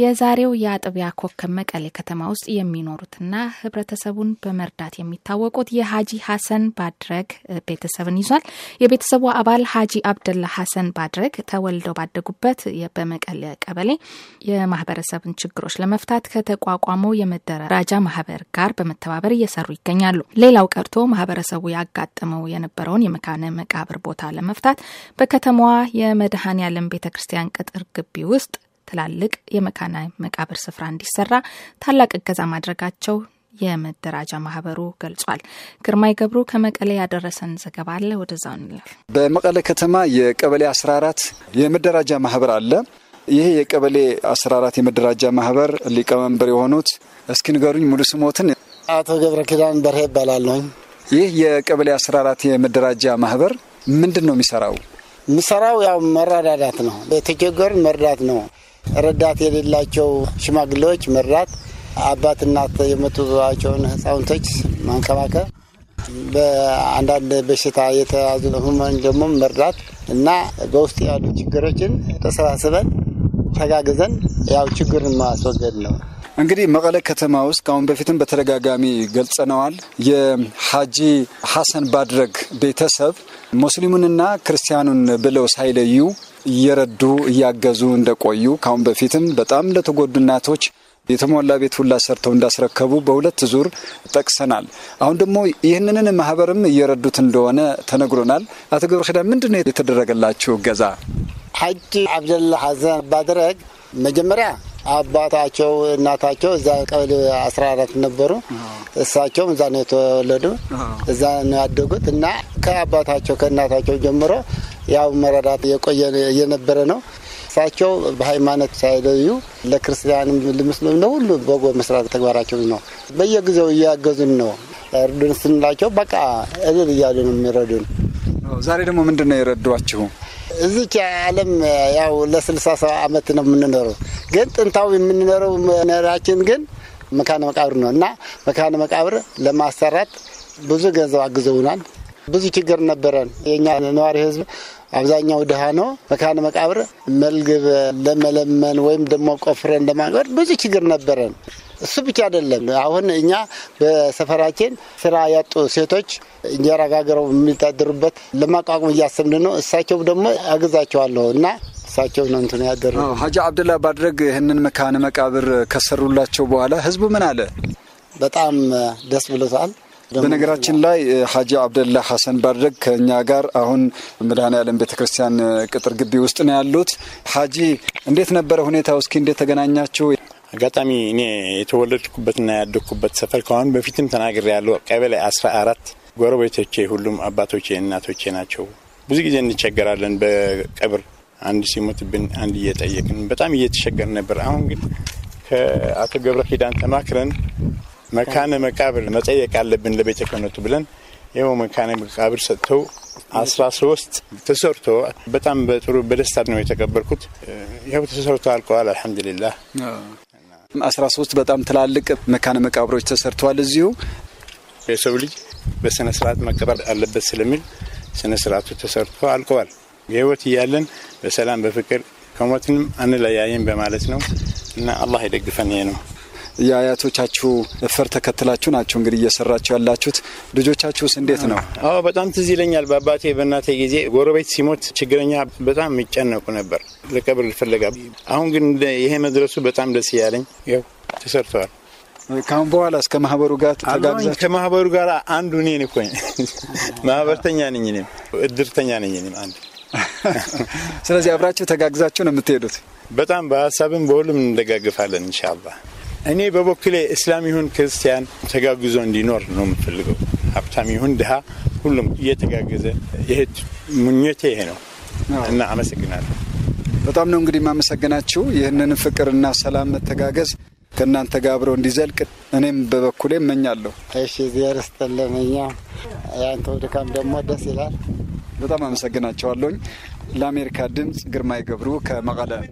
የዛሬው የአጥቢያ ኮከብ መቀሌ ከተማ ውስጥ የሚኖሩትና ህብረተሰቡን በመርዳት የሚታወቁት የሀጂ ሀሰን ባድረግ ቤተሰብን ይዟል። የቤተሰቡ አባል ሀጂ አብደላ ሀሰን ባድረግ ተወልደው ባደጉበት በመቀሌ ቀበሌ የማህበረሰብን ችግሮች ለመፍታት ከተቋቋመው የመደራጃ ማህበር ጋር በመተባበር እየሰሩ ይገኛሉ። ሌላው ቀርቶ ማህበረሰቡ ያጋጠመው የነበረውን የመካነ መቃብር ቦታ ለመፍታት በከተማዋ የመድኃኔ ዓለም ቤተክርስቲያን ቅጥር ግቢ ውስጥ ትላልቅ የመካነ መቃብር ስፍራ እንዲሰራ ታላቅ እገዛ ማድረጋቸው የመደራጃ ማህበሩ ገልጿል። ግርማይ ገብሩ ከመቀሌ ያደረሰን ዘገባ አለ። ወደዛው እንላል። በመቀሌ ከተማ የቀበሌ 14 የመደራጃ ማህበር አለ። ይሄ የቀበሌ 14 የመደራጃ ማህበር ሊቀመንበር የሆኑት እስኪ ንገሩኝ ሙሉ ስሞትን። አቶ ገብረ ኪዳን በርሄ ይባላለሁኝ። ይህ የቀበሌ 14 የመደራጃ ማህበር ምንድን ነው የሚሰራው? የሚሰራው ያው መረዳዳት ነው። የተቸገሩን መርዳት ነው። ረዳት የሌላቸው ሽማግሌዎች መራት፣ አባት እናት የመጡባቸውን ህፃውንቶች ማንከባከብ፣ በአንዳንድ በሽታ የተያዙ ደግሞ መርዳት እና በውስጥ ያሉ ችግሮችን ተሰባስበን ተጋግዘን ያው ችግርን ማስወገድ ነው። እንግዲህ መቀለ ከተማ ውስጥ ከአሁን በፊትም በተደጋጋሚ ገልጸነዋል። የሐጂ ሐሰን ባድረግ ቤተሰብ ሙስሊሙንና ክርስቲያኑን ብለው ሳይለዩ እየረዱ እያገዙ እንደቆዩ ካሁን በፊትም በጣም ለተጎዱ እናቶች የተሞላ ቤት ሁላ ሰርተው እንዳስረከቡ በሁለት ዙር ጠቅሰናል። አሁን ደግሞ ይህንን ማህበርም እየረዱት እንደሆነ ተነግሮናል። አቶ ገብረ ኪዳ ምንድን ነው የተደረገላችሁ እገዛ? ሐጂ አብደላ ሀዘን ባድረግ መጀመሪያ አባታቸው እናታቸው እዛ ቀበሌ አስራ አራት ነበሩ። እሳቸውም እዛ ነው የተወለዱ፣ እዛ ነው ያደጉት እና ከአባታቸው ከእናታቸው ጀምሮ ያው መረዳት የቆየ የነበረ ነው። እሳቸው በሃይማኖት ሳይለዩ ለክርስቲያንም ለሙስሊም ነው ሁሉ በጎ መስራት ተግባራቸው ነው። በየጊዜው እያገዙን ነው። እርዱን ስንላቸው በቃ እልል እያሉ ነው የሚረዱን። ዛሬ ደግሞ ምንድን ነው የረዷችሁ? እዚች ዓለም ያው ለስልሳ ሰባ ዓመት ነው የምንኖረው፣ ግን ጥንታዊ የምንኖረው መኖራችን ግን መካነ መቃብር ነው እና መካነ መቃብር ለማሰራት ብዙ ገንዘብ አግዘውናል። ብዙ ችግር ነበረን። የኛ ነዋሪ ህዝብ አብዛኛው ድሃ ነው። መካነ መቃብር መልግብ ለመለመን ወይም ደግሞ ቆፍረን ለማቅበር ብዙ ችግር ነበረን። እሱ ብቻ አይደለም። አሁን እኛ በሰፈራችን ስራ ያጡ ሴቶች እንጀራ ጋገረው የሚታደሩበት ለማቋቋም እያሰብን ነው። እሳቸው ደግሞ አግዛቸዋለሁ እና እሳቸው ነው እንትን ያደር ነው። ሀጂ አብደላ ባድረግ ይህንን መካነ መቃብር ከሰሩላቸው በኋላ ህዝቡ ምን አለ? በጣም ደስ ብሎታል። በነገራችን ላይ ሀጂ አብደላ ሐሰን ባድረግ ከእኛ ጋር አሁን መድኃኔ ዓለም ቤተ ክርስቲያን ቅጥር ግቢ ውስጥ ነው ያሉት። ሀጂ እንዴት ነበረ ሁኔታው? እስኪ እንዴት ተገናኛችሁ? አጋጣሚ እኔ የተወለድኩበትና ያደግኩበት ሰፈር ከአሁን በፊትም ተናግሬ ያለው ቀበሌ አስራ አራት ጎረቤቶቼ ሁሉም አባቶቼ እናቶቼ ናቸው። ብዙ ጊዜ እንቸገራለን በቀብር አንድ ሲሞትብን አንድ እየጠየቅን በጣም እየተቸገርን ነበር። አሁን ግን ከአቶ ገብረ ኪዳን ተማክረን መካነ መቃብር መጠየቅ አለብን ለቤተ ክህነቱ ብለን ይኸው መካነ መቃብር ሰጥተው አስራ ሶስት ተሰርቶ በጣም በጥሩ በደስታ ነው የተቀበርኩት። ይኸው ተሰርቶ አልቀዋል። አልሐምዱሊላህ አስራ ሶስት በጣም ትላልቅ መካነ መቃብሮች ተሰርተዋል። እዚሁ የሰው ልጅ በስነ ስርዓት መቀበር አለበት ስለሚል ስነ ስርዓቱ ተሰርቶ አልቀዋል። የህይወት እያለን በሰላም በፍቅር ከሞትንም አንለያየን በማለት ነው እና አላህ ይደግፈን ይሄ ነው። የአያቶቻችሁ እፈር ተከትላችሁ ናችሁ እንግዲህ እየሰራችሁ ያላችሁት። ልጆቻችሁስ እንዴት ነው? አዎ በጣም ትዝ ይለኛል። በአባቴ በእናቴ ጊዜ ጎረቤት ሲሞት ችግረኛ በጣም የሚጨነቁ ነበር ለቀብር ልፈለጋ። አሁን ግን ይሄ መድረሱ በጣም ደስ እያለኝ ያው ተሰርተዋል። ከአሁን በኋላ እስከ ማህበሩ ጋር ተጋብዛ ከማህበሩ ጋር አንዱ እኔ እኮ ማህበርተኛ ነኝ፣ እኔም እድርተኛ ነኝ እኔም አንዱ። ስለዚህ አብራችሁ ተጋግዛችሁ ነው የምትሄዱት። በጣም በሀሳብም በሁሉም እንደጋግፋለን እንሻላ እኔ በበኩሌ እስላም ይሁን ክርስቲያን ተጋግዞ እንዲኖር ነው የምፈልገው። ሀብታም ይሁን ድሀ፣ ሁሉም እየተጋገዘ ይሄ ምኞቴ ይሄ ነው እና አመሰግናለሁ። በጣም ነው እንግዲህ የማመሰግናችሁ። ይህንን ፍቅርና ሰላም መተጋገዝ ከእናንተ ጋር እንዲዘልቅ እኔም በበኩሌ እመኛለሁ። እሺ፣ እግዚአብሔር ይስጥልን። እኛም ያንተው ድካም ደግሞ ደስ ይላል። በጣም አመሰግናቸዋለሁኝ። ለአሜሪካ ድምፅ ግርማይ ገብሩ ከመቀለ